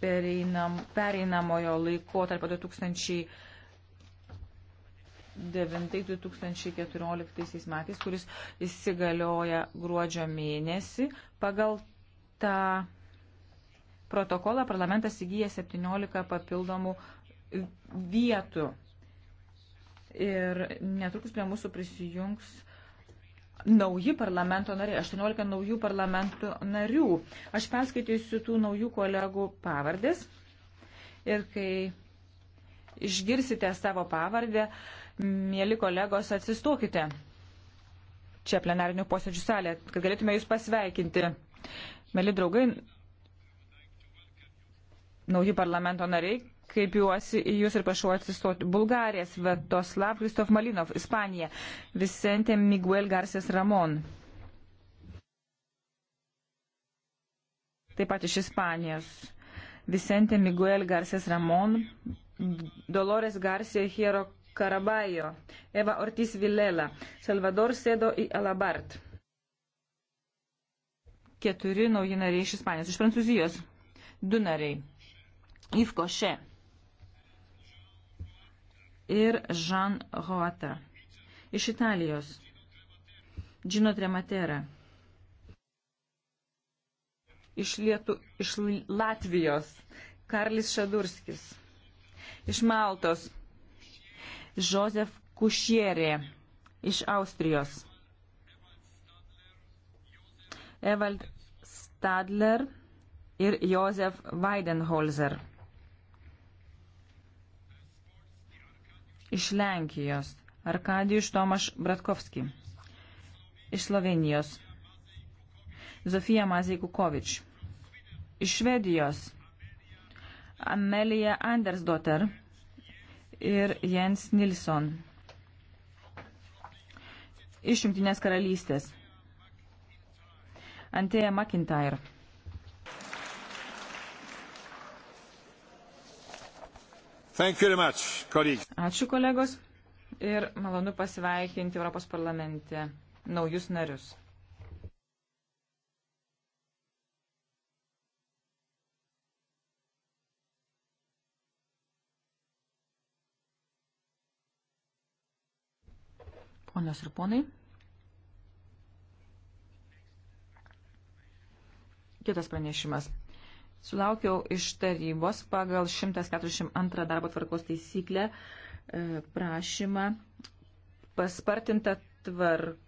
pereinam, pereinamojo laiko tarp 2009-2014 metais, kuris įsigalioja gruodžio mėnesį. Pagal tą protokolą parlamentas įgyja 17 papildomų vietų. Ir netrukus prie mūsų prisijungs nauji parlamento nariai, 18 naujų parlamento narių. Aš perskaitysiu tų naujų kolegų pavardės ir kai išgirsite savo pavardę, mėly kolegos, atsistokite čia plenarinių posėdžių salė, kad galėtume jūs pasveikinti. Mėly draugai, nauji parlamento nariai, kreipiuosi į Jūs ir prašau atsistoti. Bulgarija, Svetoslav, Kristof Malinov, Ispanija, Vicente Miguel Garces Ramon. Taip pat iš Ispanijos. Vicente Miguel Garces Ramon, Dolores Garcia Hiero Caraballo, Eva Ortiz Vilela, Salvador Sedo į Alabart. Keturi nauji nariai iš Ispanijos, iš Prancūzijos. Du nariai. Yves Cochet ir Jean Roata. Iš Italijos. Gino Trematera. Iš, Lietu, iš Latvijos. Karlis Šadurskis. Iš Maltos. Josef Kušierė. Iš Austrijos. Evald Stadler ir Josef Weidenholzer. iš Lenkijos, Arkadijus Tomaš Bratkovski, iš Slovenijos, Zofija Mazej Kukovič, iš Švedijos, Amelija Andersdotter ir Jens Nilsson, iš Jungtinės karalystės, Antėja McIntyre. Much, Ačiū kolegos ir malonu pasveikinti Europos parlamente naujus narius. Ponios ir ponai. Kitas pranešimas. Sulaukiau iš tarybos pagal 142 darbo tvarkos taisyklę e, prašymą paspartinta tvarka